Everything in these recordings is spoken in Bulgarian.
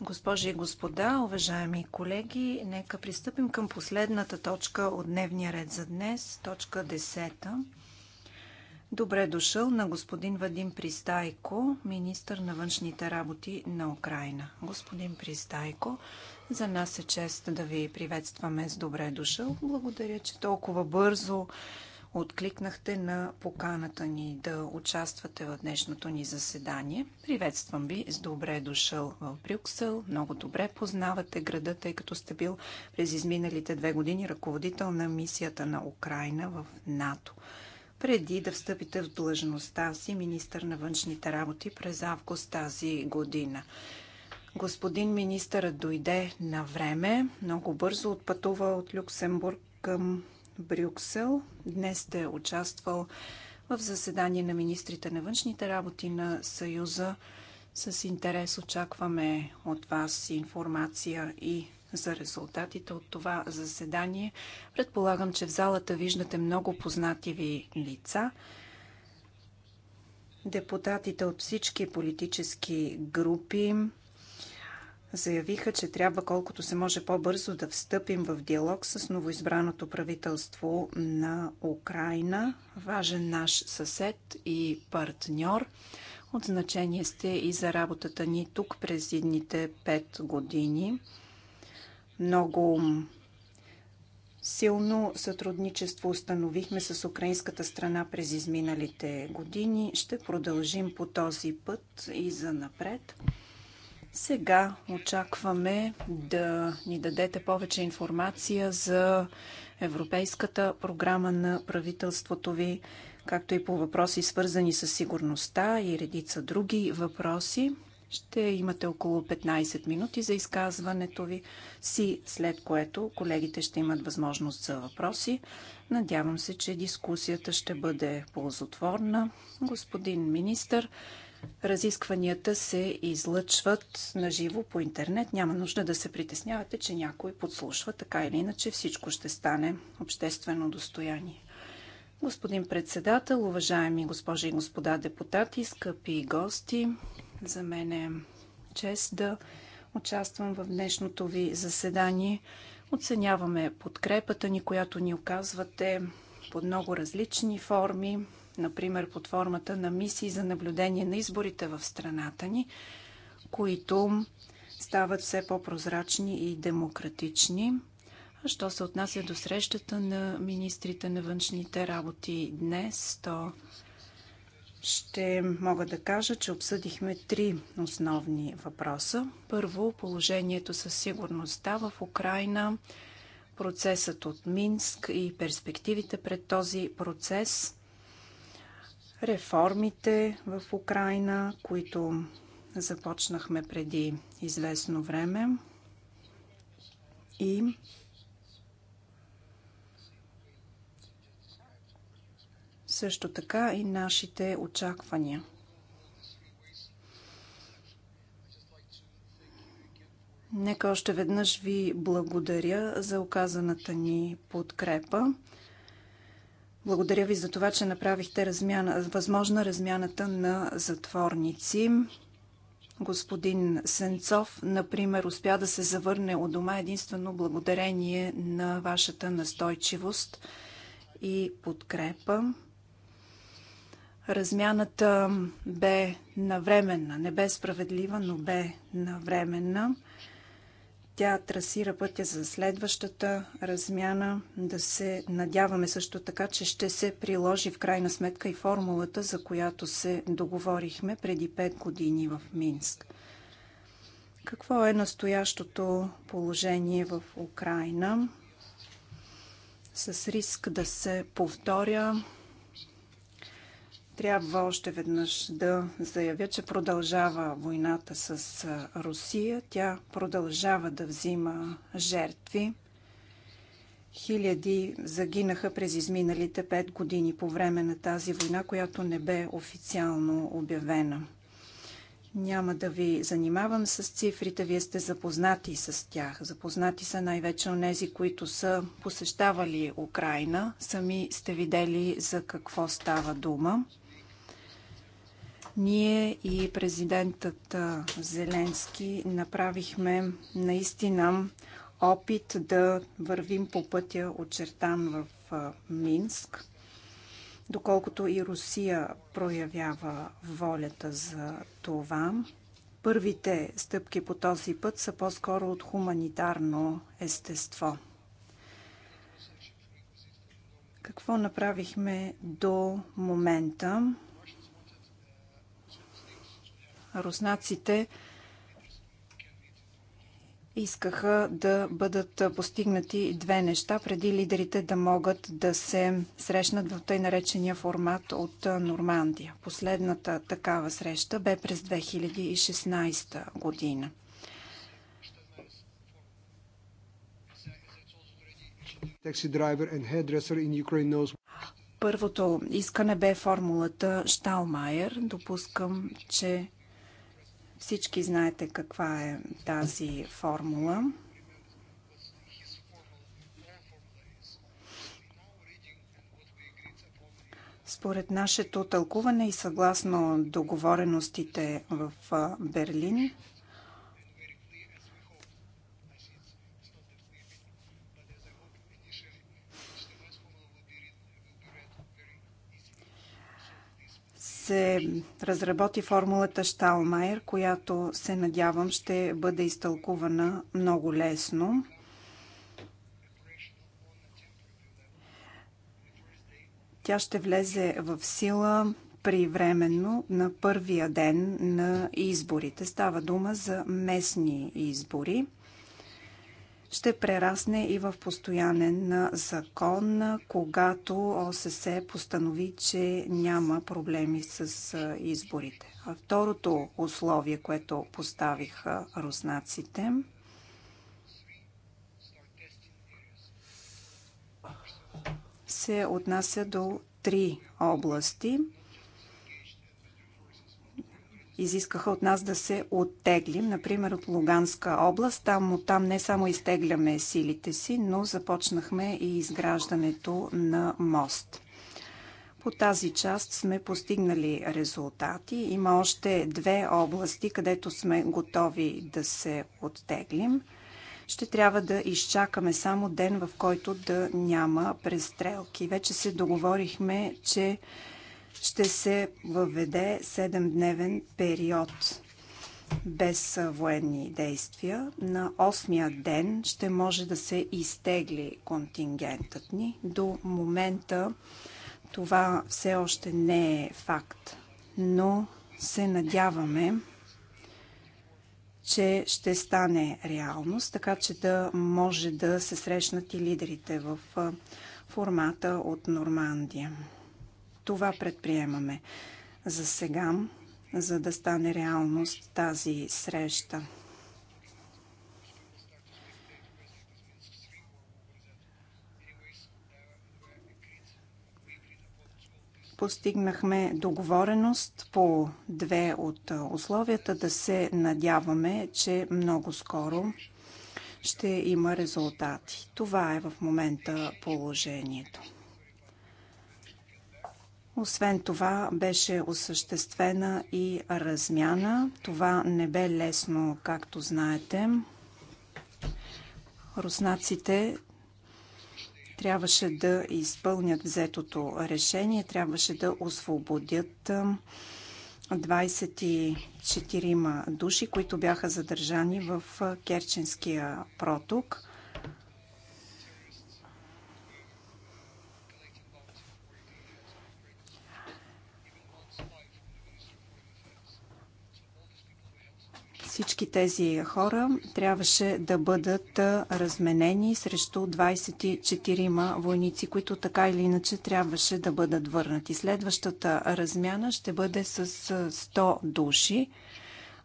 Госпожи и господа, уважаеми колеги, нека пристъпим към последната точка от дневния ред за днес, точка 10. Добре дошъл на господин Вадим Пристайко, министър на външните работи на Украина. Господин Пристайко, за нас е чест да ви приветстваме с добре дошъл. Благодаря, че толкова бързо откликнахте на поканата ни да участвате в днешното ни заседание. Приветствам ви с добре дошъл в Брюксел. Много добре познавате града, тъй като сте бил през изминалите две години ръководител на мисията на Украина в НАТО. Преди да встъпите в длъжността си министър на външните работи през август тази година. Господин министърът дойде на време, много бързо отпътува от Люксембург към Брюксел. Днес сте е участвал в заседание на министрите на външните работи на Съюза. С интерес очакваме от вас информация и за резултатите от това заседание. Предполагам, че в залата виждате много познати ви лица. Депутатите от всички политически групи заявиха, че трябва колкото се може по-бързо да встъпим в диалог с новоизбраното правителство на Украина, важен наш съсед и партньор. От значение сте и за работата ни тук през едните пет години. Много силно сътрудничество установихме с украинската страна през изминалите години. Ще продължим по този път и за напред. Сега очакваме да ни дадете повече информация за Европейската програма на правителството ви, както и по въпроси свързани с сигурността и редица други въпроси. Ще имате около 15 минути за изказването ви си, след което колегите ще имат възможност за въпроси. Надявам се, че дискусията ще бъде ползотворна. Господин министър, Разискванията се излъчват на живо по интернет. Няма нужда да се притеснявате, че някой подслушва. Така или иначе всичко ще стане обществено достояние. Господин председател, уважаеми госпожи и господа депутати, скъпи гости, за мен е чест да участвам в днешното ви заседание. Оценяваме подкрепата ни, която ни оказвате под много различни форми, например под формата на мисии за наблюдение на изборите в страната ни, които стават все по-прозрачни и демократични. А що се отнася до срещата на министрите на външните работи днес, то ще мога да кажа, че обсъдихме три основни въпроса. Първо, положението със сигурността в Украина, процесът от Минск и перспективите пред този процес – реформите в Украина, които започнахме преди известно време и също така и нашите очаквания. Нека още веднъж ви благодаря за оказаната ни подкрепа. Благодаря ви за това, че направихте размяна, възможна размяната на затворници. Господин Сенцов, например, успя да се завърне от дома единствено благодарение на вашата настойчивост и подкрепа. Размяната бе навременна, не бе справедлива, но бе навременна. Тя трасира пътя за следващата размяна. Да се надяваме също така, че ще се приложи в крайна сметка и формулата, за която се договорихме преди 5 години в Минск. Какво е настоящото положение в Украина? С риск да се повторя трябва още веднъж да заявя, че продължава войната с Русия. Тя продължава да взима жертви. Хиляди загинаха през изминалите пет години по време на тази война, която не бе официално обявена. Няма да ви занимавам с цифрите, вие сте запознати с тях. Запознати са най-вече от тези, които са посещавали Украина. Сами сте видели за какво става дума. Ние и президентът Зеленски направихме наистина опит да вървим по пътя очертан в Минск. Доколкото и Русия проявява волята за това, първите стъпки по този път са по-скоро от хуманитарно естество. Какво направихме до момента? руснаците искаха да бъдат постигнати две неща, преди лидерите да могат да се срещнат в тъй наречения формат от Нормандия. Последната такава среща бе през 2016 година. Първото искане бе формулата Шталмайер. Допускам, че всички знаете каква е тази формула. Според нашето тълкуване и съгласно договореностите в Берлин, се разработи формулата Шталмайер, която се надявам ще бъде изтълкувана много лесно. Тя ще влезе в сила привременно на първия ден на изборите. Става дума за местни избори ще прерасне и в постоянен закон, когато ОСС постанови, че няма проблеми с изборите. А второто условие, което поставиха руснаците, се отнася до три области – изискаха от нас да се оттеглим, например от Луганска област. Там, там не само изтегляме силите си, но започнахме и изграждането на мост. По тази част сме постигнали резултати. Има още две области, където сме готови да се оттеглим. Ще трябва да изчакаме само ден, в който да няма престрелки. Вече се договорихме, че ще се въведе 7-дневен период без военни действия. На осмия ден ще може да се изтегли контингентът ни. До момента това все още не е факт, но се надяваме, че ще стане реалност, така че да може да се срещнат и лидерите в формата от Нормандия. Това предприемаме за сега, за да стане реалност тази среща. постигнахме договореност по две от условията да се надяваме, че много скоро ще има резултати. Това е в момента положението. Освен това беше осъществена и размяна. Това не бе лесно, както знаете. Руснаците трябваше да изпълнят взетото решение, трябваше да освободят 24 души, които бяха задържани в Керченския проток. Всички тези хора трябваше да бъдат разменени срещу 24 войници, които така или иначе трябваше да бъдат върнати. Следващата размяна ще бъде с 100 души,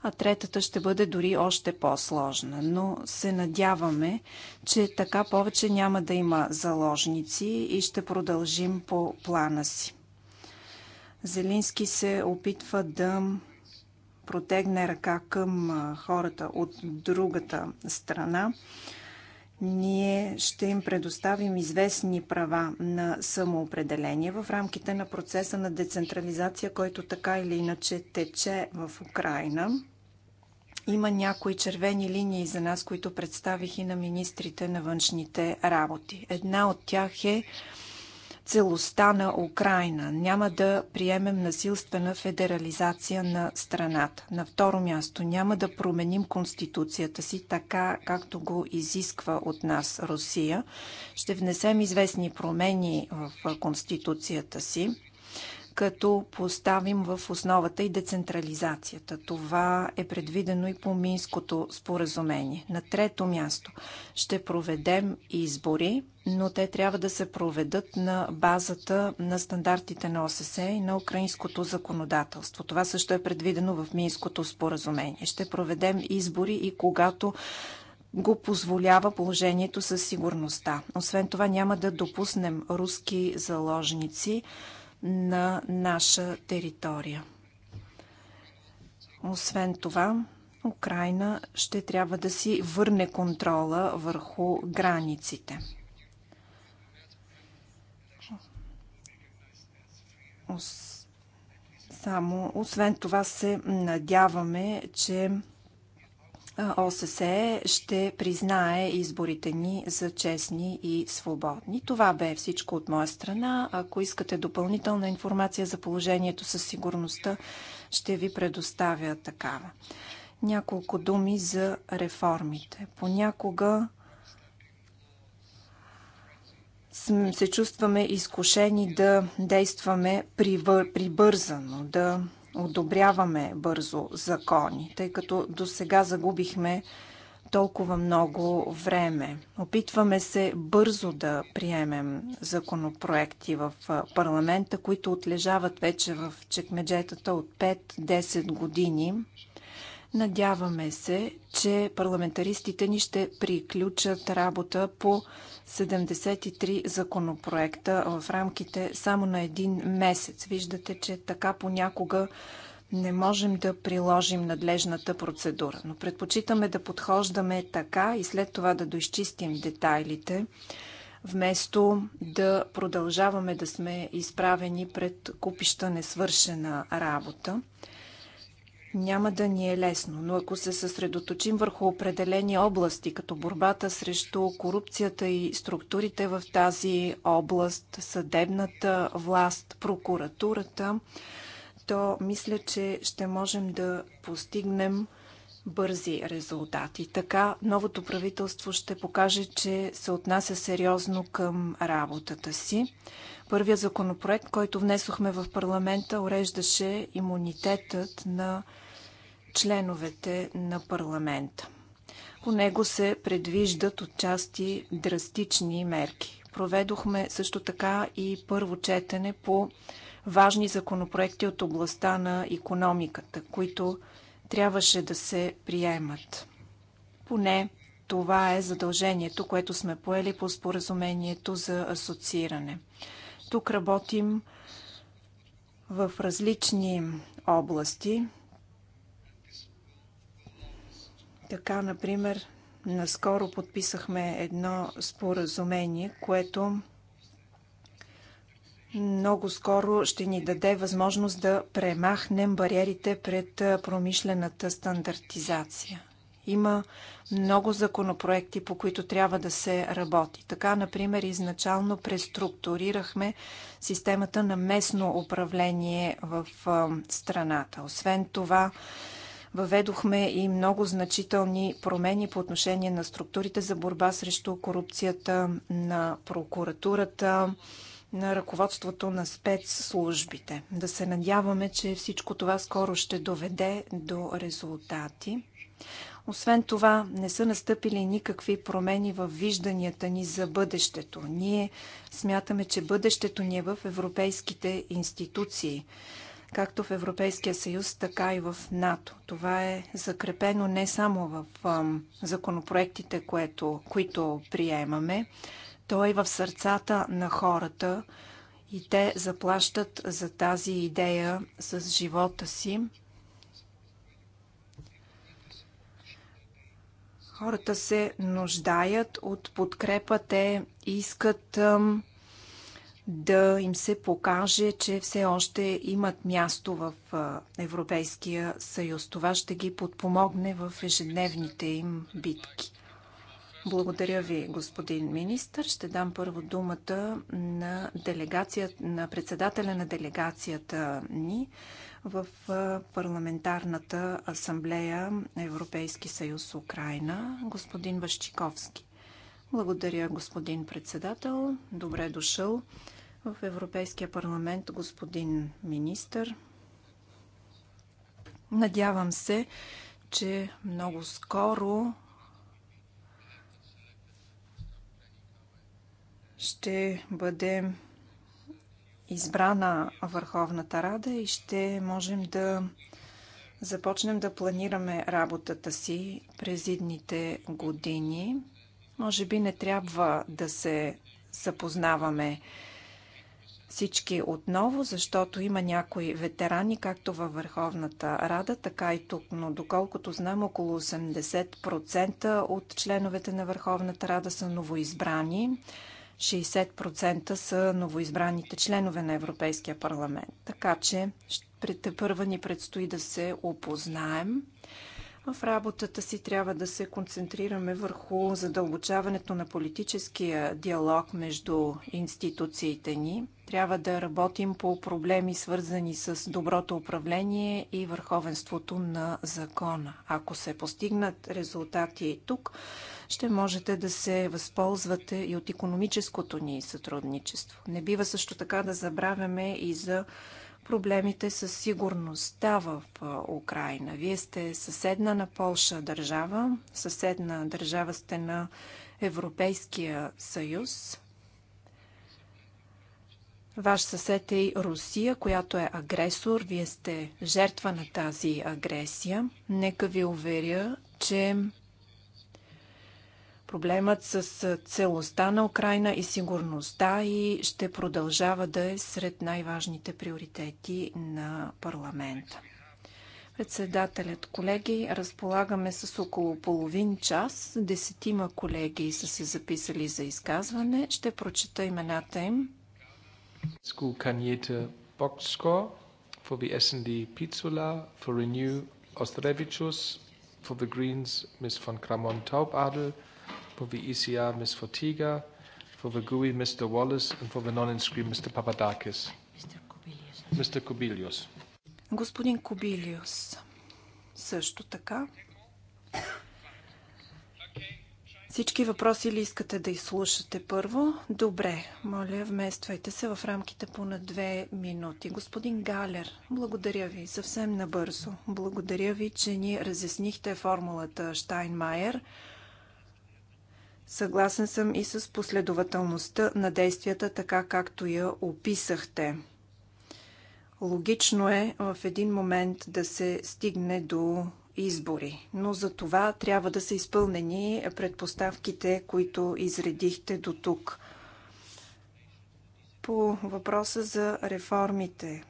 а третата ще бъде дори още по-сложна. Но се надяваме, че така повече няма да има заложници и ще продължим по плана си. Зелински се опитва да протегне ръка към хората от другата страна, ние ще им предоставим известни права на самоопределение в рамките на процеса на децентрализация, който така или иначе тече в Украина. Има някои червени линии за нас, които представих и на министрите на външните работи. Една от тях е целостта на Украина. Няма да приемем насилствена федерализация на страната. На второ място, няма да променим конституцията си така, както го изисква от нас Русия. Ще внесем известни промени в конституцията си, като поставим в основата и децентрализацията. Това е предвидено и по Минското споразумение. На трето място ще проведем избори, но те трябва да се проведат на базата на стандартите на ОССЕ и на украинското законодателство. Това също е предвидено в Минското споразумение. Ще проведем избори и когато го позволява положението със сигурността. Освен това няма да допуснем руски заложници на наша територия. Освен това, Украина ще трябва да си върне контрола върху границите. Само, освен това се надяваме, че ОССЕ ще признае изборите ни за честни и свободни. Това бе всичко от моя страна. Ако искате допълнителна информация за положението със сигурността, ще ви предоставя такава. Няколко думи за реформите. Понякога се чувстваме изкушени да действаме прибързано, да одобряваме бързо закони, тъй като до сега загубихме толкова много време. Опитваме се бързо да приемем законопроекти в парламента, които отлежават вече в чекмеджетата от 5-10 години. Надяваме се, че парламентаристите ни ще приключат работа по 73 законопроекта в рамките само на един месец. Виждате, че така понякога не можем да приложим надлежната процедура, но предпочитаме да подхождаме така и след това да доизчистим детайлите, вместо да продължаваме да сме изправени пред купища несвършена работа. Няма да ни е лесно, но ако се съсредоточим върху определени области, като борбата срещу корупцията и структурите в тази област, съдебната власт, прокуратурата, то мисля, че ще можем да постигнем бързи резултати. Така новото правителство ще покаже, че се отнася сериозно към работата си. Първият законопроект, който внесохме в парламента, уреждаше имунитетът на членовете на парламента. По него се предвиждат отчасти драстични мерки. Проведохме също така и първо четене по важни законопроекти от областта на економиката, които трябваше да се приемат. Поне това е задължението, което сме поели по споразумението за асоцииране. Тук работим в различни области. Така, например, наскоро подписахме едно споразумение, което много скоро ще ни даде възможност да премахнем бариерите пред промишлената стандартизация. Има много законопроекти, по които трябва да се работи. Така, например, изначално преструктурирахме системата на местно управление в страната. Освен това, въведохме и много значителни промени по отношение на структурите за борба срещу корупцията на прокуратурата, на ръководството на спецслужбите. Да се надяваме, че всичко това скоро ще доведе до резултати. Освен това, не са настъпили никакви промени в вижданията ни за бъдещето. Ние смятаме, че бъдещето ни е в европейските институции, както в Европейския съюз, така и в НАТО. Това е закрепено не само в законопроектите, което, които приемаме, той е в сърцата на хората и те заплащат за тази идея с живота си. Хората се нуждаят от подкрепа, те искат да им се покаже, че все още имат място в Европейския съюз. Това ще ги подпомогне в ежедневните им битки. Благодаря ви, господин министр. Ще дам първо думата на, на председателя на делегацията ни в парламентарната асамблея Европейски съюз Украина, господин Вашчиковски. Благодаря, господин председател. Добре дошъл в Европейския парламент, господин министър. Надявам се, че много скоро ще бъде избрана Върховната Рада и ще можем да започнем да планираме работата си през идните години. Може би не трябва да се запознаваме всички отново, защото има някои ветерани, както във Върховната Рада, така и тук. Но доколкото знам, около 80% от членовете на Върховната Рада са новоизбрани. 60% са новоизбраните членове на Европейския парламент. Така че те първа ни предстои да се опознаем. В работата си трябва да се концентрираме върху задълбочаването на политическия диалог между институциите ни. Трябва да работим по проблеми, свързани с доброто управление и върховенството на закона. Ако се постигнат резултати тук, ще можете да се възползвате и от економическото ни сътрудничество. Не бива също така да забравяме и за проблемите със сигурността в Украина. Вие сте съседна на Полша държава, съседна държава сте на Европейския съюз. Ваш съсед е и Русия, която е агресор. Вие сте жертва на тази агресия. Нека ви уверя, че Проблемът с целостта на Украина и сигурността и ще продължава да е сред най-важните приоритети на парламента. Председателят, колеги, разполагаме с около половин час. Десетима колеги са се записали за изказване. Ще прочета имената им. School Бокско, for the SD Pizzula, for Renew Ostrevichus, for the Greens von Kramon Taubadel, for the ECR, Ms. Fortiga, for the GUI, Mr. Wallace, and for the non-inscreen, Mr. Papadakis. Mr. Kubilius. Господин Кобилиус, също така. Всички въпроси ли искате да изслушате първо? Добре, моля, вмествайте се в рамките по на две минути. Господин Галер, благодаря ви съвсем набързо. Благодаря ви, че ни разяснихте формулата Штайнмайер. Съгласен съм и с последователността на действията, така както я описахте. Логично е в един момент да се стигне до избори, но за това трябва да са изпълнени предпоставките, които изредихте до тук. По въпроса за реформите.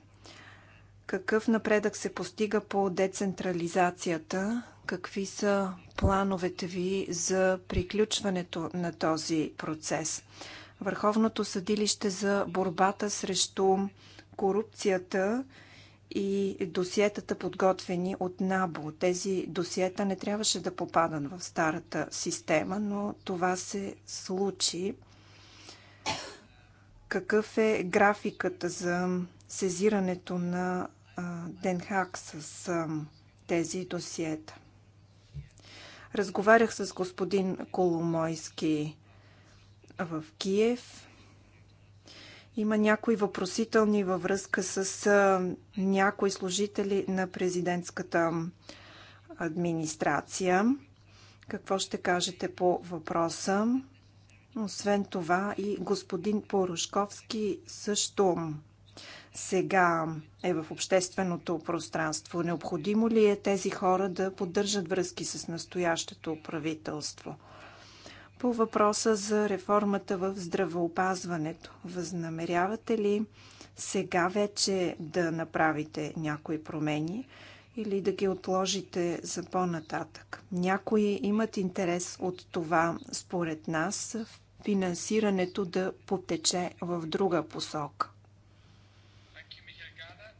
Какъв напредък се постига по децентрализацията? Какви са плановете ви за приключването на този процес? Върховното съдилище за борбата срещу корупцията и досиетата подготвени от НАБО. Тези досиета не трябваше да попадат в старата система, но това се случи. Какъв е графикът за сезирането на Денхак с тези досиета? Разговарях с господин Коломойски в Киев. Има някои въпросителни във връзка с някои служители на президентската администрация. Какво ще кажете по въпроса? Освен това и господин Порошковски също сега е в общественото пространство. Необходимо ли е тези хора да поддържат връзки с настоящето правителство? По въпроса за реформата в здравеопазването, възнамерявате ли сега вече да направите някои промени или да ги отложите за по-нататък? Някои имат интерес от това, според нас, финансирането да потече в друга посока.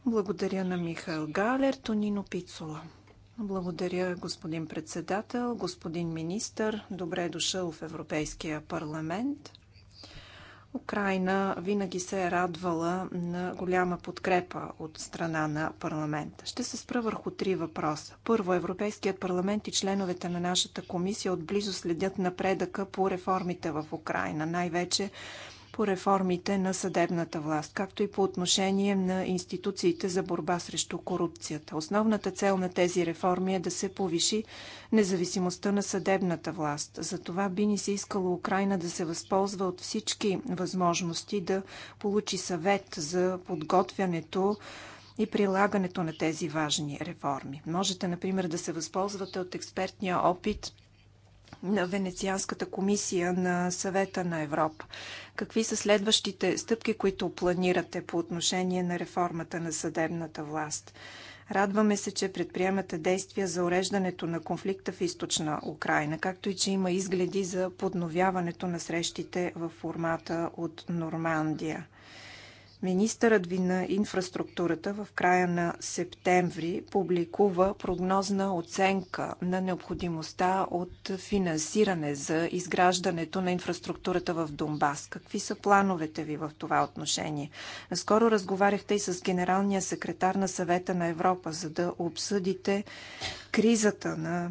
Благодаря на Михаил Галер, Тонино Пицола. Благодаря, господин председател, господин министър. Добре е дошъл в Европейския парламент. Украина винаги се е радвала на голяма подкрепа от страна на парламента. Ще се спра върху три въпроса. Първо, Европейският парламент и членовете на нашата комисия отблизо следят напредъка по реформите в Украина, най-вече по реформите на съдебната власт, както и по отношение на институциите за борба срещу корупцията. Основната цел на тези реформи е да се повиши независимостта на съдебната власт. Затова би ни се искало Украина да се възползва от всички възможности да получи съвет за подготвянето и прилагането на тези важни реформи. Можете, например, да се възползвате от експертния опит на Венецианската комисия на съвета на Европа. Какви са следващите стъпки, които планирате по отношение на реформата на съдебната власт? Радваме се, че предприемате действия за уреждането на конфликта в източна Украина, както и че има изгледи за подновяването на срещите в формата от Нормандия. Министърът ви на инфраструктурата в края на септември публикува прогнозна оценка на необходимостта от финансиране за изграждането на инфраструктурата в Донбас. Какви са плановете ви в това отношение? Скоро разговаряхте и с генералния секретар на съвета на Европа, за да обсъдите кризата на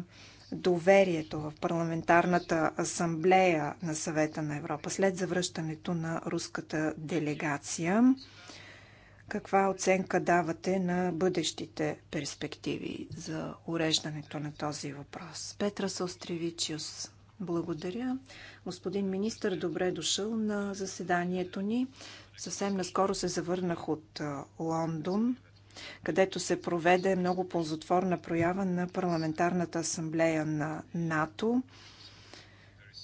доверието в парламентарната асамблея на съвета на Европа след завръщането на руската делегация. Каква оценка давате на бъдещите перспективи за уреждането на този въпрос? Петра Состревичиус, Благодаря. Господин министр, добре е дошъл на заседанието ни. Съвсем наскоро се завърнах от Лондон където се проведе много ползотворна проява на Парламентарната асамблея на НАТО.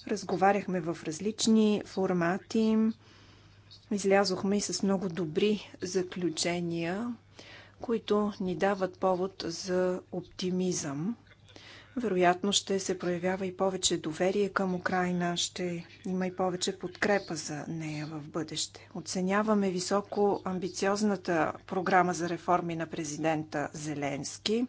Разговаряхме в различни формати. Излязохме и с много добри заключения, които ни дават повод за оптимизъм. Вероятно ще се проявява и повече доверие към Украина, ще има и повече подкрепа за нея в бъдеще. Оценяваме високо амбициозната програма за реформи на президента Зеленски,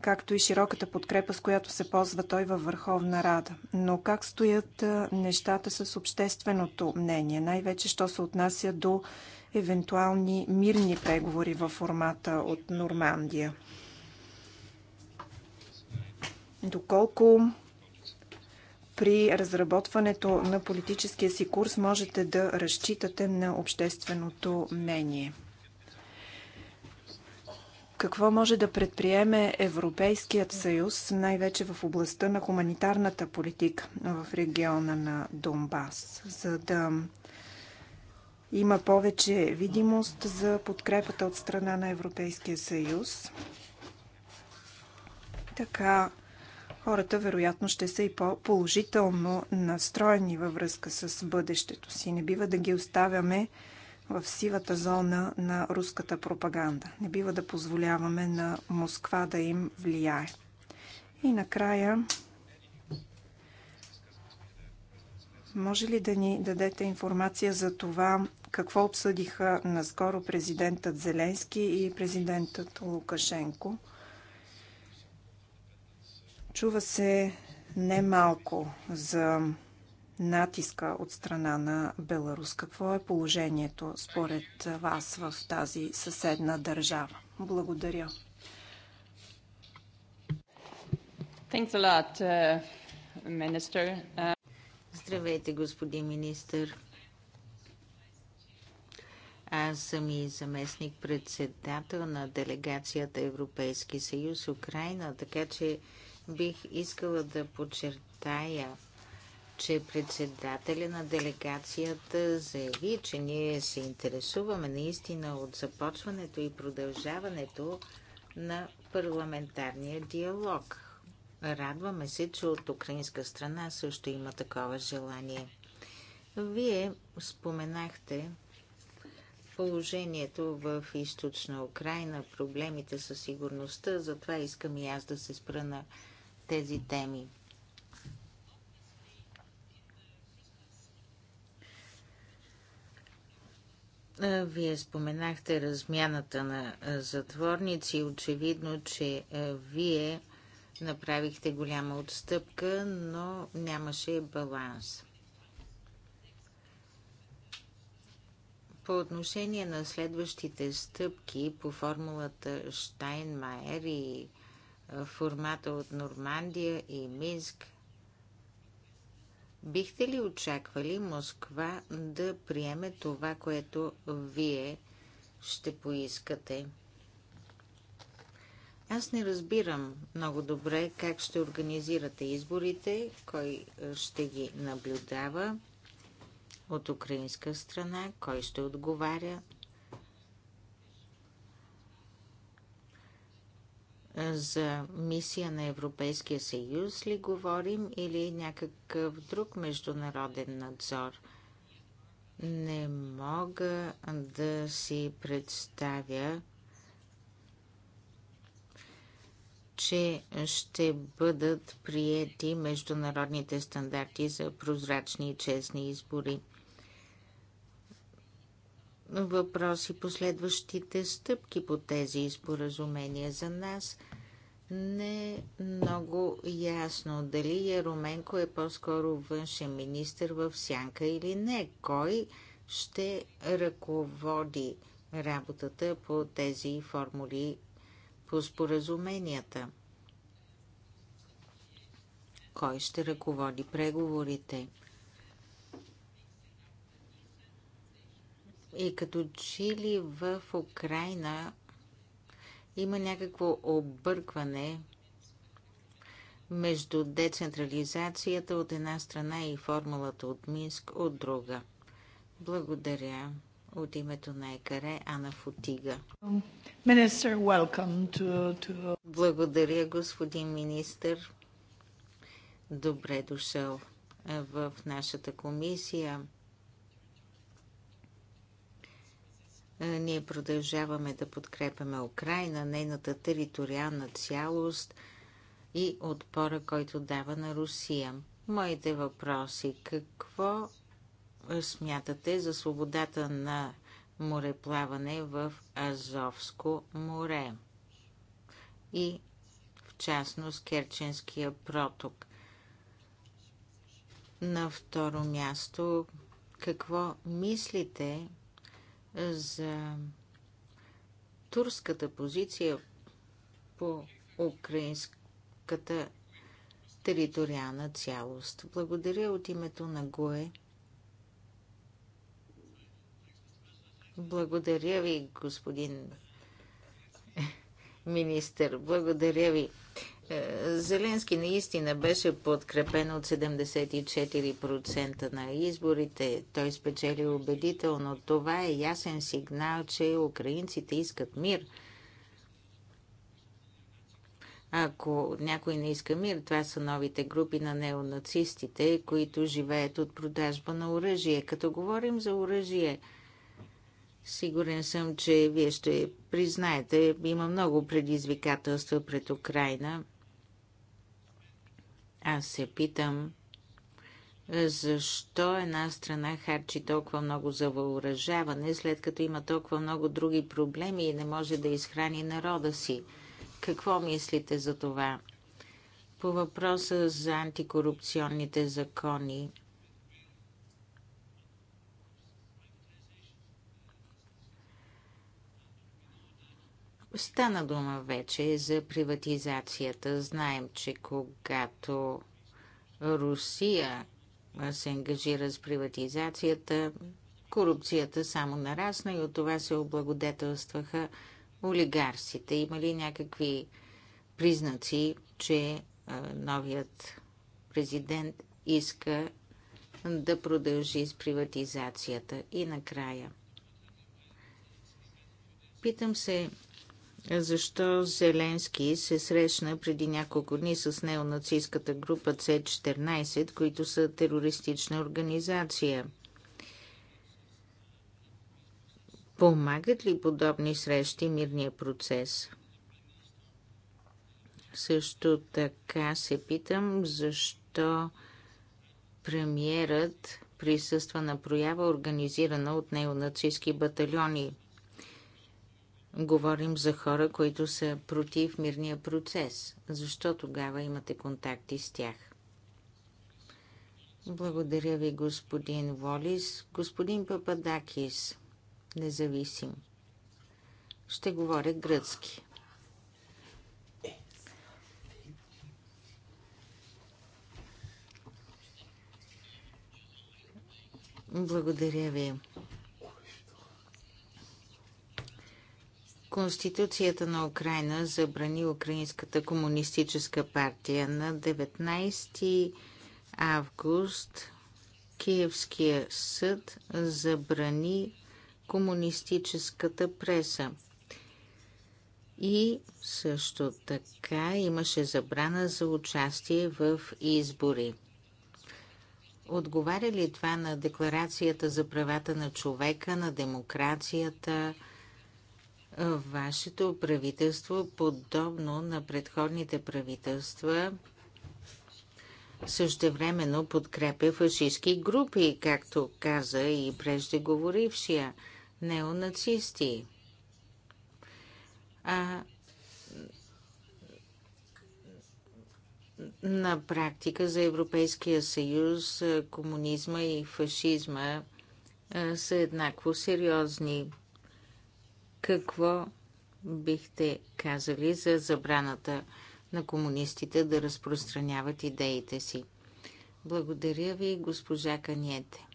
както и широката подкрепа, с която се ползва той във Върховна Рада. Но как стоят нещата с общественото мнение, най-вече що се отнася до евентуални мирни преговори във формата от Нормандия? доколко при разработването на политическия си курс можете да разчитате на общественото мнение. Какво може да предприеме Европейският съюз, най-вече в областта на хуманитарната политика в региона на Донбас, за да има повече видимост за подкрепата от страна на Европейския съюз? Така хората вероятно ще са и по-положително настроени във връзка с бъдещето си. Не бива да ги оставяме в сивата зона на руската пропаганда. Не бива да позволяваме на Москва да им влияе. И накрая, може ли да ни дадете информация за това, какво обсъдиха наскоро президентът Зеленски и президентът Лукашенко – Чува се немалко за натиска от страна на Беларус. Какво е положението според вас в тази съседна държава? Благодаря. Uh, uh, Здравейте, господин министър. Аз съм и заместник председател на делегацията Европейски съюз Украина, така че Бих искала да подчертая, че председателя на делегацията заяви, че ние се интересуваме наистина от започването и продължаването на парламентарния диалог. Радваме се, че от украинска страна също има такова желание. Вие споменахте положението в източна Украина, проблемите със сигурността, затова искам и аз да се спра на тези теми. Вие споменахте размяната на затворници. Очевидно, че вие направихте голяма отстъпка, но нямаше баланс. По отношение на следващите стъпки по формулата Штайнмайер и формата от Нормандия и Минск. Бихте ли очаквали Москва да приеме това, което вие ще поискате? Аз не разбирам много добре как ще организирате изборите, кой ще ги наблюдава от украинска страна, кой ще отговаря за мисия на Европейския съюз ли говорим или някакъв друг международен надзор? Не мога да си представя, че ще бъдат приети международните стандарти за прозрачни и честни избори въпроси последващите стъпки по тези споразумения за нас не е много ясно дали Яроменко е по-скоро външен министр в сянка или не. Кой ще ръководи работата по тези формули по споразуменията? Кой ще ръководи преговорите? И като ли в Украина има някакво объркване между децентрализацията от една страна и формулата от Минск от друга. Благодаря от името на Екаре Ана Футига. Minister, to, to... Благодаря, господин министър. Добре дошъл в нашата комисия. Е, ние продължаваме да подкрепяме Украина, нейната териториална цялост и отпора, който дава на Русия. Моите въпроси. Какво смятате за свободата на мореплаване в Азовско море? И в частност Керченския проток. На второ място, какво мислите за турската позиция по украинската териториална цялост. Благодаря от името на ГОЕ. Благодаря ви, господин министър. Благодаря ви. Е, Зеленски наистина беше подкрепен от 74% на изборите. Той спечели убедително. Това е ясен сигнал, че украинците искат мир. Ако някой не иска мир, това са новите групи на неонацистите, които живеят от продажба на оръжие. Като говорим за оръжие, Сигурен съм, че вие ще признаете, има много предизвикателства пред Украина. Аз се питам, защо една страна харчи толкова много за въоръжаване, след като има толкова много други проблеми и не може да изхрани народа си? Какво мислите за това? По въпроса за антикорупционните закони, Стана дума вече за приватизацията. Знаем, че когато Русия се ангажира с приватизацията, корупцията само нарасна и от това се облагодетелстваха олигарсите. Има ли някакви признаци, че новият президент иска да продължи с приватизацията? И накрая. Питам се защо Зеленски се срещна преди няколко дни с неонацистската група C14, които са терористична организация. Помагат ли подобни срещи мирния процес? Също така се питам защо премиерът присъства на проява, организирана от неонацистски батальони – говорим за хора, които са против мирния процес. Защо тогава имате контакти с тях? Благодаря ви, господин Волис. Господин Пападакис, независим. Ще говоря гръцки. Благодаря ви. Конституцията на Украина забрани Украинската комунистическа партия на 19 август Киевския съд забрани комунистическата преса. И също така имаше забрана за участие в избори. Отговаря ли това на Декларацията за правата на човека, на демокрацията, Вашето правителство, подобно на предходните правителства, същевременно подкрепя фашистски групи, както каза и преждеговорившия, неонацисти. А на практика за Европейския съюз комунизма и фашизма са еднакво сериозни. Какво бихте казали за забраната на комунистите да разпространяват идеите си? Благодаря ви, госпожа Каниете.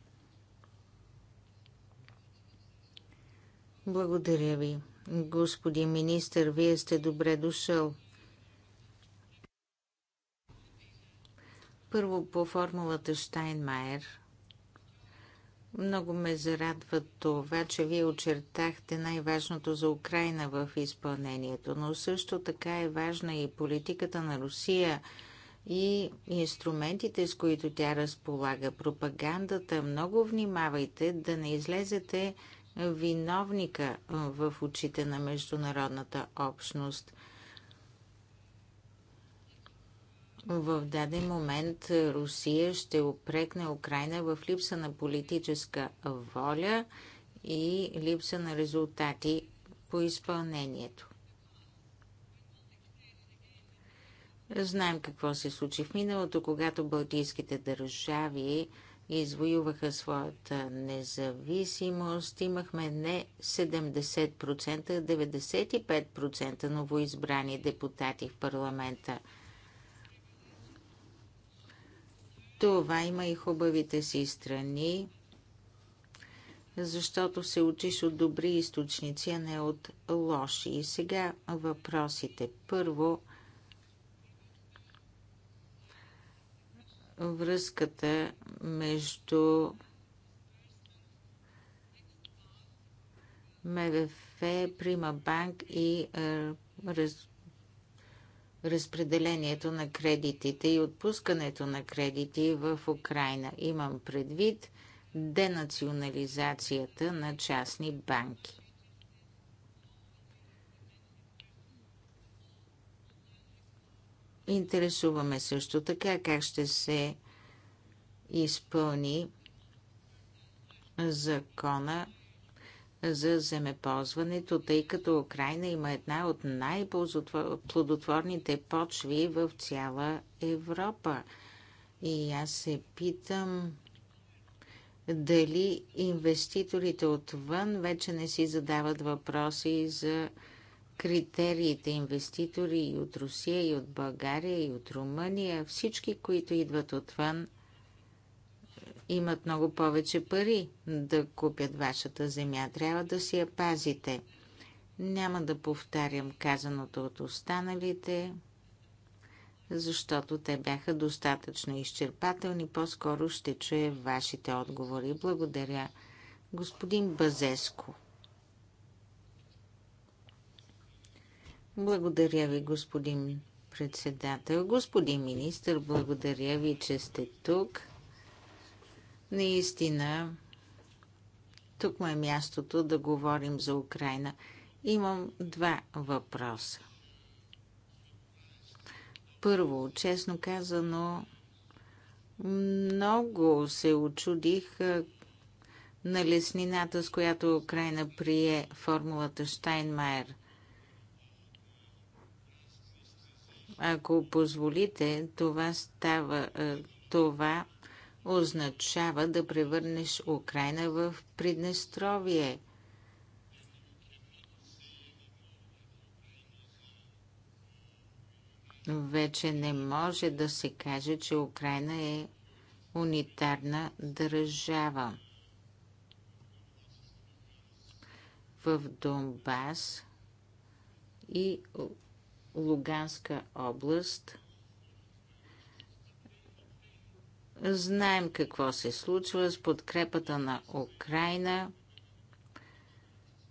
Благодаря ви, господин министр. Вие сте добре дошъл. Първо по формулата Штайнмайер. Много ме зарадва това, че вие очертахте най-важното за Украина в изпълнението, но също така е важна и политиката на Русия и инструментите, с които тя разполага, пропагандата. Много внимавайте да не излезете виновника в очите на международната общност. в даден момент Русия ще опрекне Украина в липса на политическа воля и липса на резултати по изпълнението. Знаем какво се случи в миналото, когато балтийските държави извоюваха своята независимост. Имахме не 70%, а 95% новоизбрани депутати в парламента – Това има и хубавите си страни, защото се учиш от добри източници, а не от лоши. И сега въпросите. Първо, връзката между МВФ, Прима банк и е, раз, разпределението на кредитите и отпускането на кредити в Украина. Имам предвид денационализацията на частни банки. Интересуваме също така как ще се изпълни закона за земеползването, тъй като Украина има една от най-плодотворните почви в цяла Европа. И аз се питам дали инвеститорите отвън вече не си задават въпроси за критериите инвеститори и от Русия, и от България, и от Румъния, всички, които идват отвън, имат много повече пари да купят вашата земя. Трябва да си я пазите. Няма да повтарям казаното от останалите, защото те бяха достатъчно изчерпателни. По-скоро ще чуя вашите отговори. Благодаря, господин Базеско. Благодаря ви, господин председател. Господин министр, благодаря ви, че сте тук. Наистина, тук му е мястото да говорим за Украина. Имам два въпроса. Първо, честно казано, много се очудих на леснината, с която Украина прие формулата Штайнмайер. Ако позволите, това става, това означава да превърнеш Украина в Приднестровие. Вече не може да се каже, че Украина е унитарна държава. В Донбас и Луганска област – Знаем какво се случва с подкрепата на Украина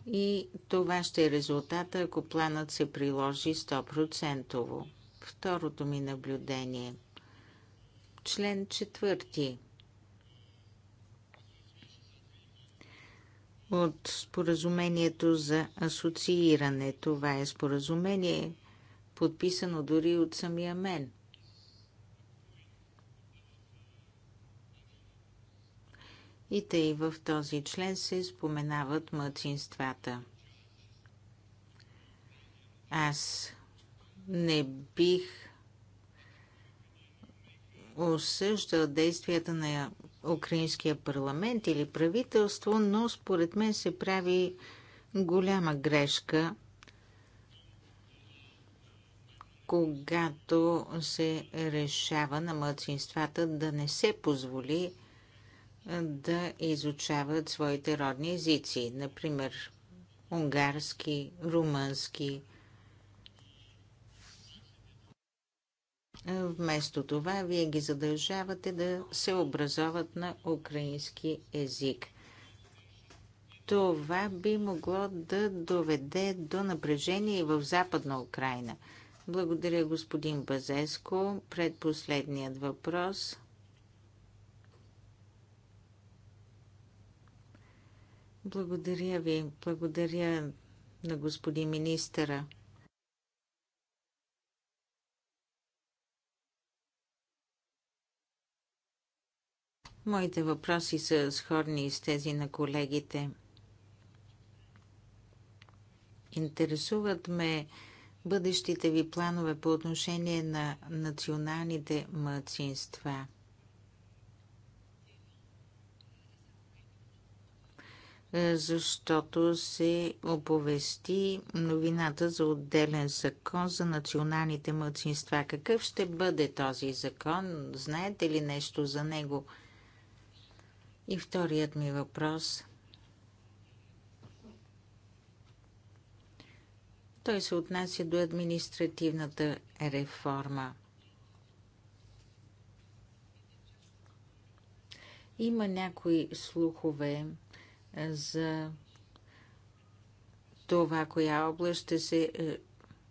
и това ще е резултата, ако планът се приложи 100%. Второто ми наблюдение. Член четвърти. от споразумението за асоцииране. Това е споразумение, подписано дори от самия мен. И тъй в този член се споменават мълцинствата. Аз не бих осъждал действията на украинския парламент или правителство, но според мен се прави голяма грешка, когато се решава на младсинствата да не се позволи да изучават своите родни езици, например унгарски, румънски. Вместо това, вие ги задължавате да се образоват на украински език. Това би могло да доведе до напрежение и в Западна Украина. Благодаря, господин Базеско. Предпоследният въпрос Благодаря ви. Благодаря на господин министъра. Моите въпроси са сходни с тези на колегите. Интересуват ме бъдещите ви планове по отношение на националните мъцинства – Е, защото се оповести новината за отделен закон за националните мълцинства. Какъв ще бъде този закон? Знаете ли нещо за него? И вторият ми въпрос. Той се отнася до административната реформа. Има някои слухове, за това, коя област ще се е,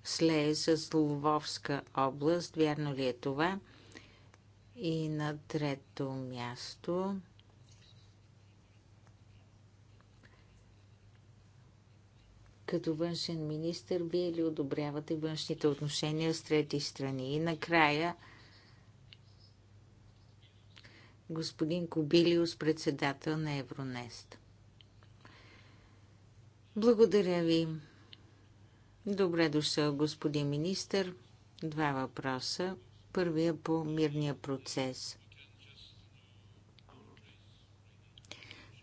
слее с Лвовска област. Вярно ли е това? И на трето място като външен министр, вие ли одобрявате външните отношения с трети страни? И накрая господин Кобилиус, председател на Евронест. Благодаря ви. Добре дошъл, господин министр. Два въпроса. Първия по мирния процес.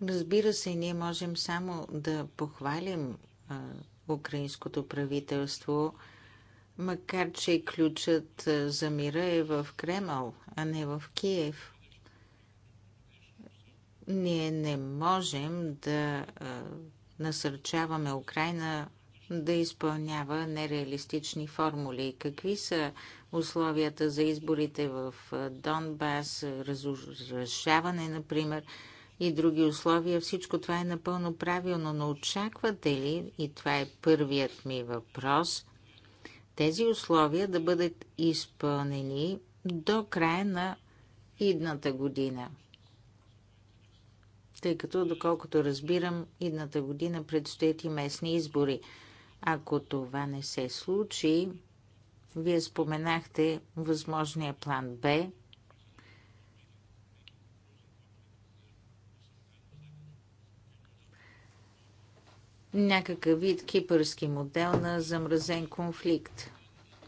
Разбира се, ние можем само да похвалим а, украинското правителство, макар че ключът за мира е в Кремъл, а не в Киев. Ние не можем да а, насърчаваме Украина да изпълнява нереалистични формули. Какви са условията за изборите в Донбас, разрешаване, например, и други условия. Всичко това е напълно правилно, но очаквате ли, и това е първият ми въпрос, тези условия да бъдат изпълнени до края на идната година? тъй като, доколкото разбирам, идната година предстоят и местни избори. Ако това не се случи, вие споменахте възможния план Б. Някакъв вид кипърски модел на замразен конфликт.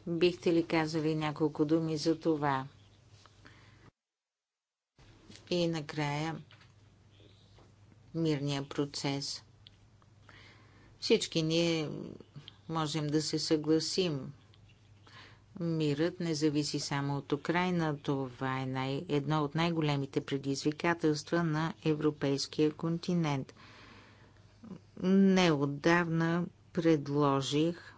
Бихте ли казали няколко думи за това? И накрая мирния процес. Всички ние можем да се съгласим. Мирът не зависи само от Украина. Това е най- едно от най-големите предизвикателства на европейския континент. Неотдавна предложих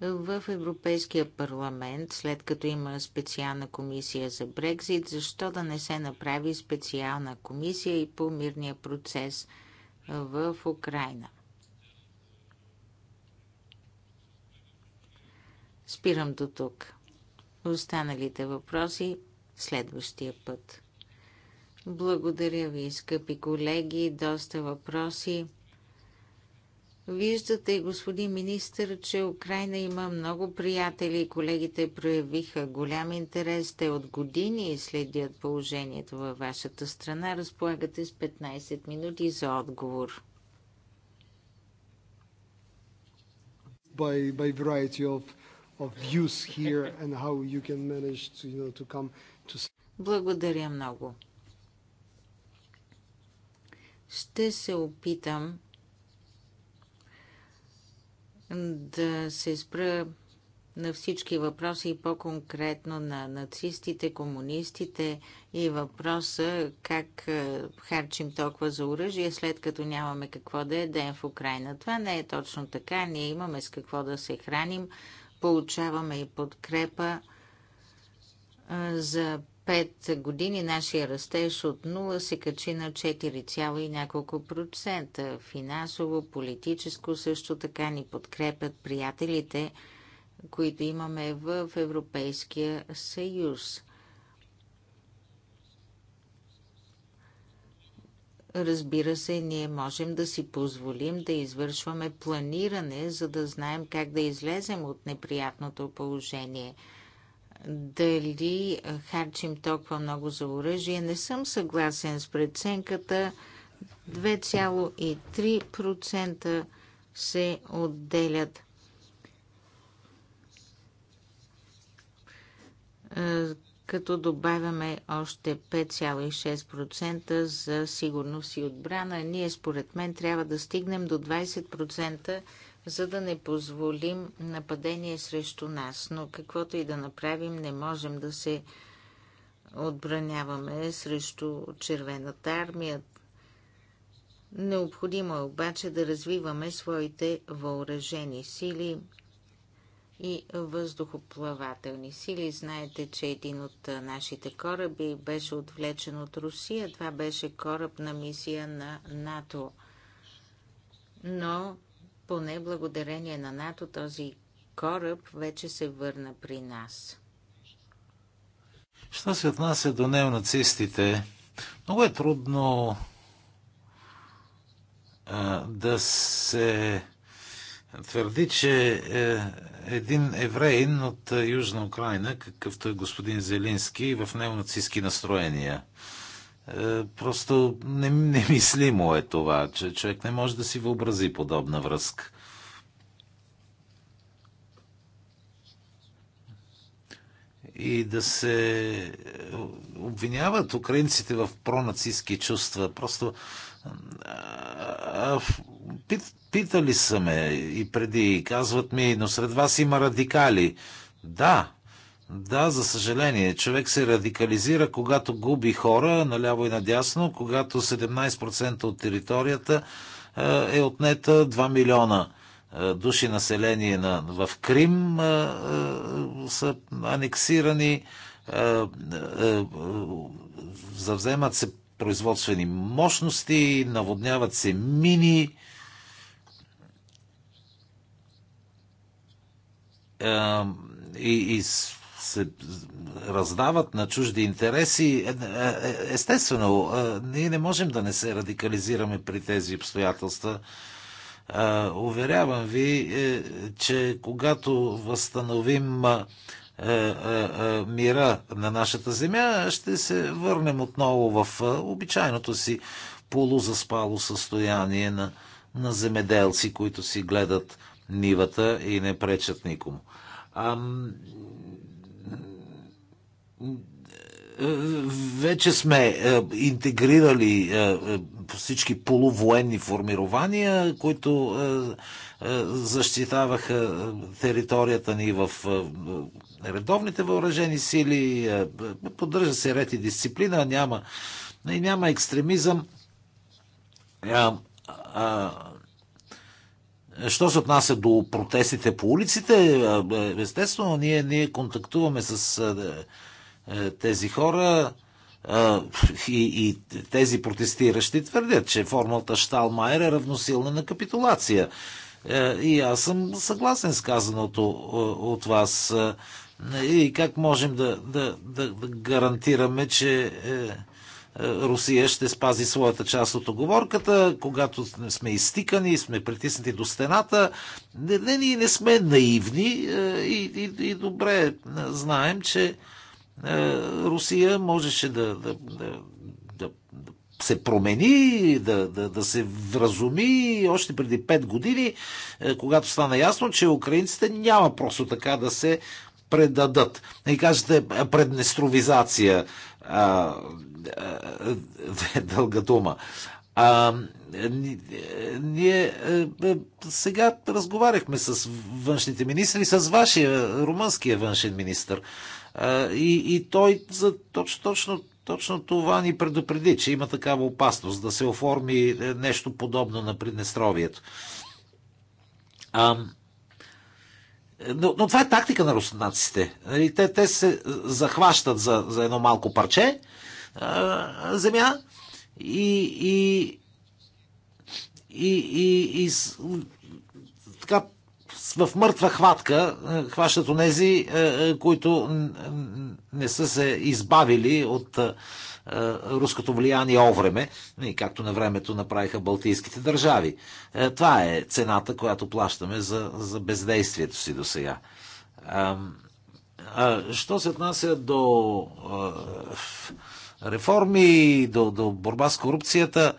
в Европейския парламент, след като има специална комисия за Брекзит, защо да не се направи специална комисия и по мирния процес в Украина? Спирам до тук. Останалите въпроси следващия път. Благодаря ви, скъпи колеги. Доста въпроси. Виждате, господин министр, че Украина има много приятели. Колегите проявиха голям интерес. Те от години следят положението във вашата страна. Разполагате с 15 минути за отговор. By, by variety of, of views here and how you can manage to, you know, to come to... Благодаря много. Ще се опитам да се спра на всички въпроси и по-конкретно на нацистите, комунистите и въпроса как е, харчим толкова за оръжие, след като нямаме какво да едем в Украина. Това не е точно така. Ние имаме с какво да се храним. Получаваме и подкрепа е, за 5 години нашия растеж от 0 се качи на 4, и няколко процента. Финансово, политическо също така ни подкрепят приятелите, които имаме в Европейския съюз. Разбира се, ние можем да си позволим да извършваме планиране, за да знаем как да излезем от неприятното положение – дали харчим толкова много за оръжие. Не съм съгласен с преценката. 2,3% се отделят. Като добавяме още 5,6% за сигурност и отбрана, ние според мен трябва да стигнем до 20% за да не позволим нападение срещу нас. Но каквото и да направим, не можем да се отбраняваме срещу червената армия. Необходимо е обаче да развиваме своите въоръжени сили и въздухоплавателни сили. Знаете, че един от нашите кораби беше отвлечен от Русия. Това беше кораб на мисия на НАТО. Но поне благодарение на НАТО този кораб вече се върна при нас. Що се отнася до неонацистите, много е трудно а, да се твърди, че е, един евреин от е, Южна Украина, какъвто е господин Зелински, в неонацистски настроения. Е, просто немислимо е това, че човек не може да си въобрази подобна връзка. И да се е, обвиняват украинците в пронацистски чувства. Просто е, Пит, питали са ме и преди, казват ми, но сред вас има радикали. Да, да, за съжаление. Човек се радикализира, когато губи хора наляво и надясно, когато 17% от територията е, е отнета 2 милиона е, души население на, в Крим е, са анексирани, завземат се производствени мощности, наводняват се мини. И, и се раздават на чужди интереси. Е, е, естествено, е, ние не можем да не се радикализираме при тези обстоятелства. Уверявам ви, че когато възстановим мира на нашата земя, ще се върнем отново в обичайното си полузаспало състояние на, на земеделци, които си гледат нивата и не пречат никому. Е, вече сме е, интегрирали е, всички полувоенни формирования, които защитаваха територията ни в редовните въоръжени сили, поддържа се ред и дисциплина, няма, няма екстремизъм. Що се отнася до протестите по улиците, естествено, ние, ние контактуваме с е, тези хора е, и, и тези протестиращи твърдят, че формулата Шталмайер е равносилна на капитулация. Е, и аз съм съгласен с казаното от вас. И как можем да, да, да, да гарантираме, че Русия ще спази своята част от оговорката, когато сме изтикани, сме притиснати до стената. Не, не, ние не сме наивни и, и, и добре знаем, че е, Русия можеше да, да, да, да, да се промени, да, да, да се вразуми още преди 5 години, е, когато стана ясно, че украинците няма просто така да се предадат. И кажете, преднестровизация, а, а, е, дълга дума. А, е, е, ние е, сега разговаряхме с външните министри, с вашия румънския външен министр. И, и той за точно, точно, точно това ни предупреди, че има такава опасност да се оформи нещо подобно на Приднестровието. А, но, но това е тактика на руснаците. Нали, те, те се захващат за, за едно малко парче земя и, и, и, и, и така в мъртва хватка е, хващат онези, е, е, които не са се избавили от руското влияние овреме, както на времето направиха балтийските държави. Това е цената, която плащаме за, за бездействието си до сега. Що се отнася до реформи, до, до борба с корупцията,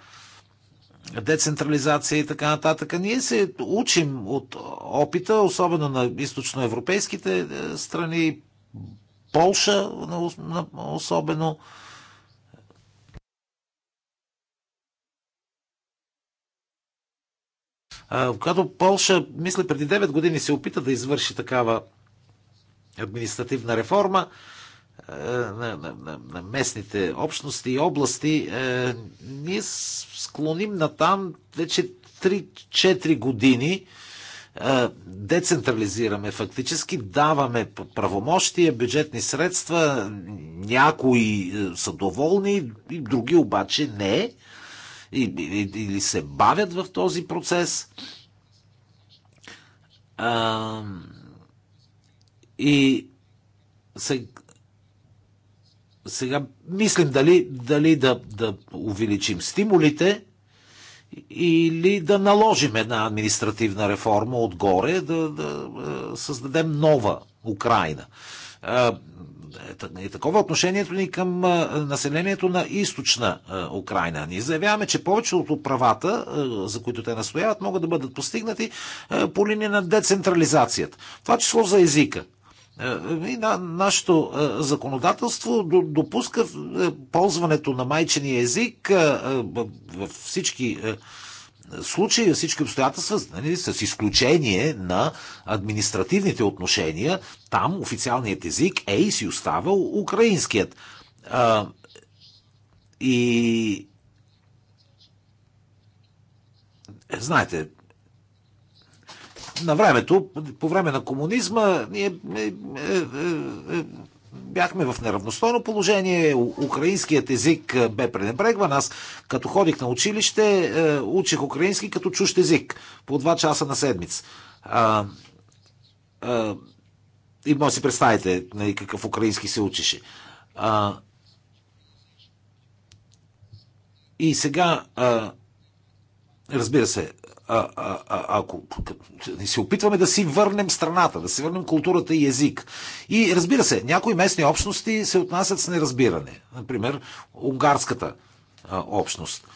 децентрализация и така нататък. Ние се учим от опита, особено на източноевропейските е, страни, Полша особено. Когато Полша, мисля, преди 9 години се опита да извърши такава административна реформа, е, на, на, на, на местните общности и области, е, ние склоним на там вече 3-4 години е, децентрализираме фактически, даваме правомощия, бюджетни средства, някои е, са доволни, и други обаче не, или, или се бавят в този процес. Е, и сега сега мислим дали, дали да, да увеличим стимулите или да наложим една административна реформа отгоре, да, да създадем нова Украина. И е, е, такова отношението ни към населението на източна Украина. Ние заявяваме, че повече от правата, за които те настояват, могат да бъдат постигнати по линия на децентрализацията. Това число за езика. Е, и на, нашето е, законодателство допуска е, ползването на майчения език във всички случаи, всички обстоятелства, нали, с изключение на административните отношения, там официалният език е и си остава украинският. А, и знаете, на времето, по време на комунизма, ние е, е, е, бяхме в неравностойно положение, украинският език бе пренебрегван. Аз като ходих на училище, учих украински като чущ език по два часа на седмица. А, а, и може си представите нали, какъв украински се учеше. А, и сега, а, разбира се, а, а, а, ако се опитваме да си върнем страната, да си върнем културата и език. И разбира се, някои местни общности се отнасят с неразбиране. Например, унгарската а, общност.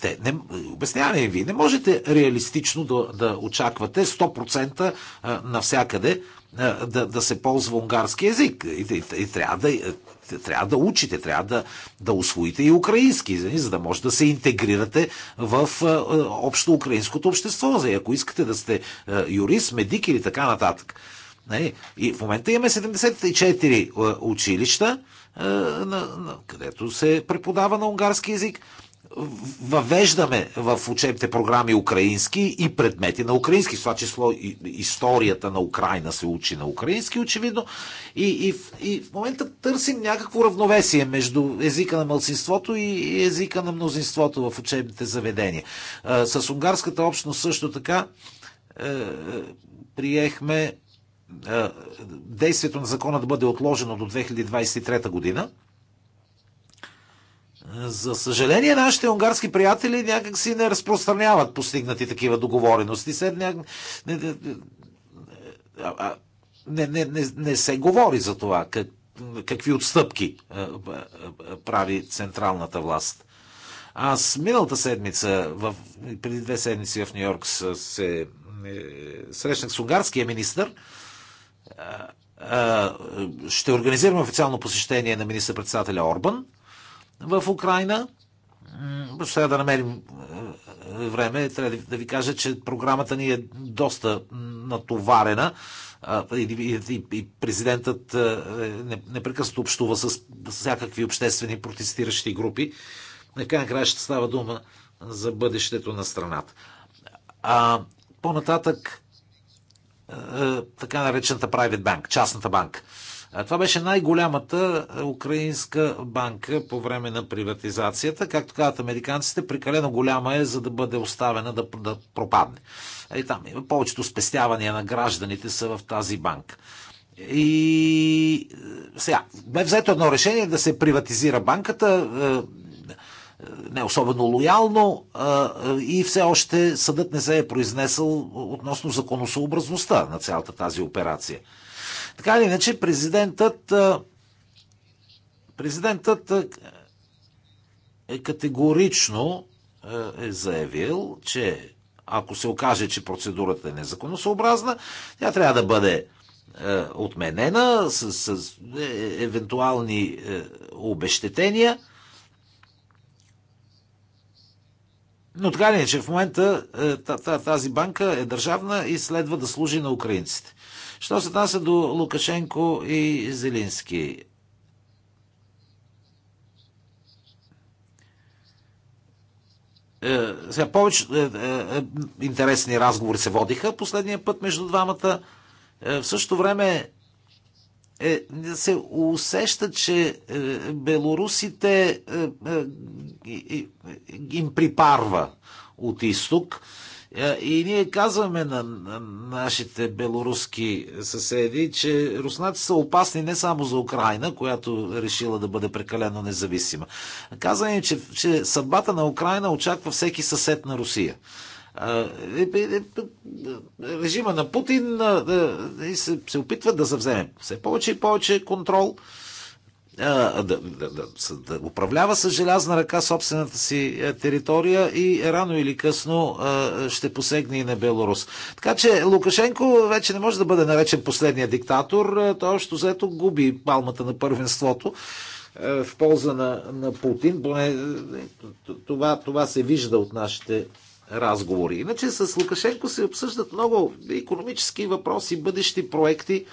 те, не, обясняваме ви, не можете реалистично да, да очаквате 100% навсякъде е, да, да се ползва унгарски язик. И, и, и трябва, да, е, трябва да учите, трябва да, да освоите и украински, за да може да се интегрирате в е, общо украинското общество. За ако искате да сте юрист, медик или така нататък. И в момента имаме 74 училища, където се преподава на унгарски язик въвеждаме в учебните програми украински и предмети на украински, в това число историята на Украина се учи на украински, очевидно. И, и, и в момента търсим някакво равновесие между езика на мълцинството и езика на мнозинството в учебните заведения. С унгарската общност също така е, е, приехме е, действието на закона да бъде отложено до 2023 година за съжаление, нашите унгарски приятели някакси не разпространяват постигнати такива договорености. не, не, не, не, не, не се говори за това, как, какви отстъпки прави централната власт. Аз миналата седмица, в, преди две седмици в Нью Йорк, се е, срещнах с унгарския министр. Ще организираме официално посещение на министър-председателя Орбан – в Украина. Сега да намерим е, е, време. Трябва да ви кажа, че програмата ни е доста натоварена и президентът е, непрекъснато общува с всякакви обществени протестиращи групи. Нека накрая ще става дума за бъдещето на страната. А, по-нататък така наречената Private Bank, частната банка. Това беше най-голямата украинска банка по време на приватизацията. Както казват американците, прекалено голяма е, за да бъде оставена да, да пропадне. И е, там повечето спестявания на гражданите са в тази банка. И е, сега, бе взето едно решение да се приватизира банката, е, не особено лоялно и все още съдът не се е произнесъл относно законосъобразността на цялата тази операция. Така или иначе, президентът, президентът е категорично е заявил, че ако се окаже, че процедурата е незаконосъобразна, тя трябва да бъде отменена с, с е, евентуални е, обещетения. Но така ли е, че в момента е, тази банка е държавна и следва да служи на украинците. Що се отнася до Лукашенко и Зелински? Е, сега повече е, е, е, интересни разговори се водиха последния път между двамата. Е, в същото време е, се усеща, че е, белорусите е, е, им припарва от изток. Е, и ние казваме на нашите белоруски съседи, че руснаци са опасни не само за Украина, която решила да бъде прекалено независима. Казваме, че, че съдбата на Украина очаква всеки съсед на Русия е, е, режима на Путин се, се опитва да завземе все повече и повече контрол да, да, да, да управлява с желязна ръка собствената си е, територия и рано или късно ще посегне и на Беларус. Така че Лукашенко вече не може да бъде наречен последния диктатор. Е, той още взето губи палмата на първенството е, в полза на, на Путин. Поне това, това се вижда от нашите разговори. Иначе с Лукашенко се обсъждат много економически въпроси, бъдещи проекти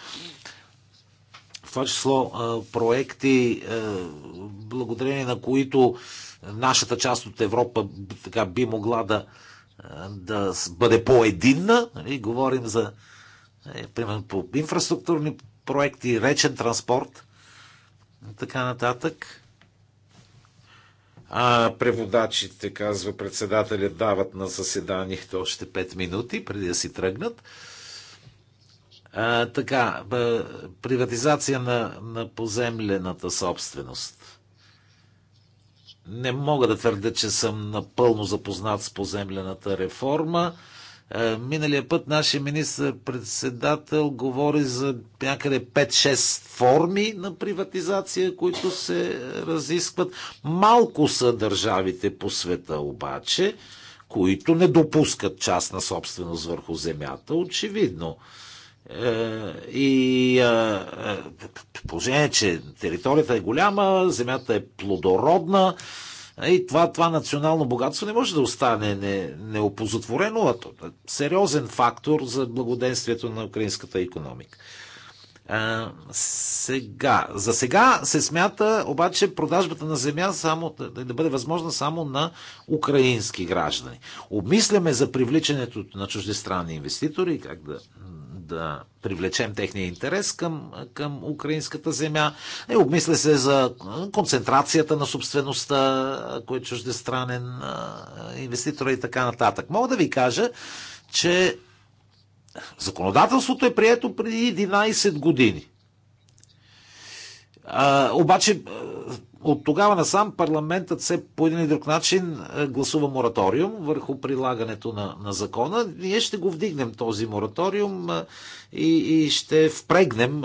това число проекти, благодарение на които нашата част от Европа така, би могла да, да бъде по-единна. Нали? говорим за е, примерно по инфраструктурни проекти, речен транспорт и така нататък. А преводачите, казва председателят, дават на заседанието още 5 минути преди да си тръгнат. А, така, приватизация на, на поземлената собственост. Не мога да твърда, че съм напълно запознат с поземлената реформа. миналия път нашия министр-председател говори за някъде 5-6 форми на приватизация, които се разискват. Малко са държавите по света обаче, които не допускат частна собственост върху земята, очевидно. Е, и е, е, положение, че територията е голяма, земята е плодородна, и това, това национално богатство не може да остане не, а то е сериозен фактор за благоденствието на украинската економика. А, сега. За сега се смята обаче продажбата на земя само, да, да бъде възможна само на украински граждани. Обмисляме за привличането на чуждестранни инвеститори, как да да привлечем техния интерес към, към украинската земя. Е, обмисля се за концентрацията на собствеността, кой е чуждестранен инвеститор и така нататък. Мога да ви кажа, че законодателството е прието преди 11 години. А, обаче от тогава насам парламентът се по един или друг начин гласува мораториум върху прилагането на, на закона. Ние ще го вдигнем този мораториум и, и ще впрегнем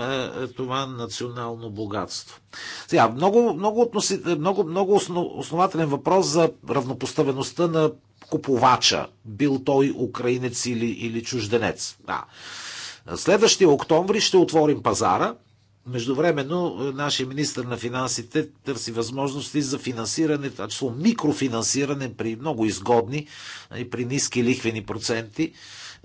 това национално богатство. Сега, много, много, относи, много, много основателен въпрос за равнопоставеността на купувача, бил той украинец или, или чужденец. Да. Следващия октомври ще отворим пазара Междувременно, е, нашия министр на финансите търси възможности за финансиране, това число микрофинансиране при много изгодни и при ниски лихвени проценти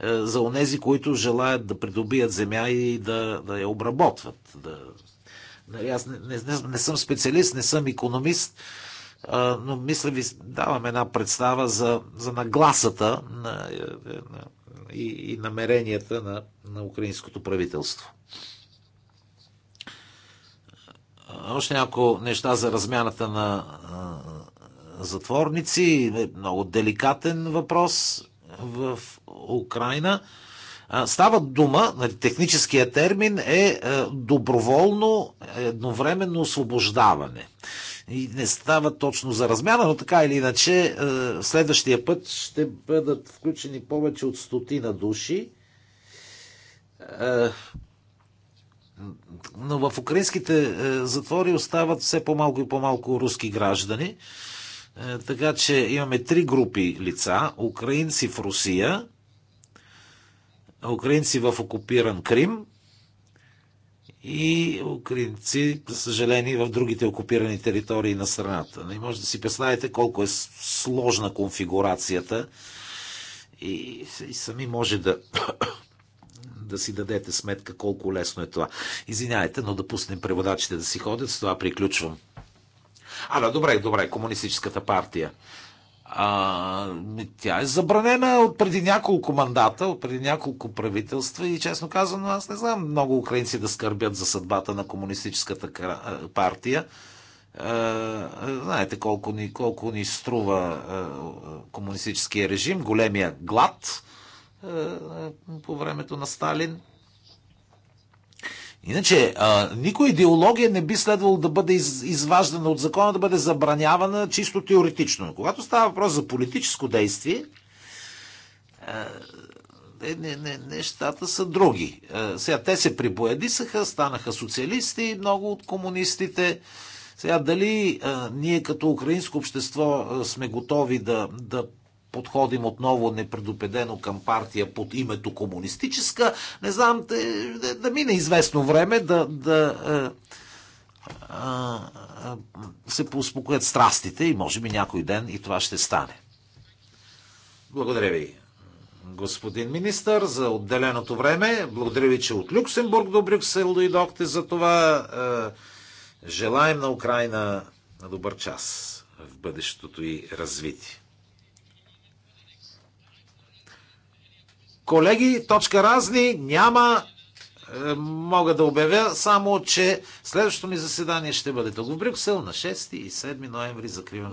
е, за онези, които желаят да придобият земя и да, да я обработват. Да... Нали, аз не, не, не съм специалист, не съм економист, а, но мисля ви давам една представа за, за нагласата на, е, на, и, и намеренията на, на украинското правителство. Още няколко неща за размяната на затворници. Е, много деликатен въпрос в Украина. Става дума, нали, техническия термин е доброволно едновременно освобождаване. И не става точно за размяна, но така или иначе следващия път ще бъдат включени повече от стотина души но в украинските е, затвори остават все по-малко и по-малко руски граждани. Е, така че имаме три групи лица. Украинци в Русия, украинци в окупиран Крим и украинци, за съжаление, в другите окупирани територии на страната. Не може да си представите колко е сложна конфигурацията и, и сами може да да си дадете сметка колко лесно е това. Извинявайте, но да пуснем преводачите да си ходят, с това приключвам. А, да, добре, добре, Комунистическата партия. А, тя е забранена от преди няколко мандата, от преди няколко правителства и честно казано аз не знам много украинци да скърбят за съдбата на комунистическата партия. А, знаете колко ни, колко ни струва комунистическия режим, големия глад, е, по времето на Сталин. Иначе, а, идеология не би следвало да бъде из, изваждана от закона, да бъде забранявана чисто теоретично. когато става въпрос за политическо действие, а, не, е, не, не, нещата са други. А, е, сега те се прибоядисаха, станаха социалисти, много от комунистите. Сега дали а, ние като украинско общество а, сме готови да, да подходим отново непредупедено към партия под името комунистическа. Не знам, да, да мине известно време да, да а, е, а, е, се поуспокоят страстите и може би някой ден и това ще стане. Благодаря ви, господин министър, за отделеното време. Благодаря ви, че от Люксембург до Брюксел дойдохте за това. Е, желаем на Украина на добър час в бъдещото и развитие. Колеги, точка разни няма. Е, мога да обявя само, че следващото ни заседание ще бъде тук в Брюксел на 6 и 7 ноември. Закривам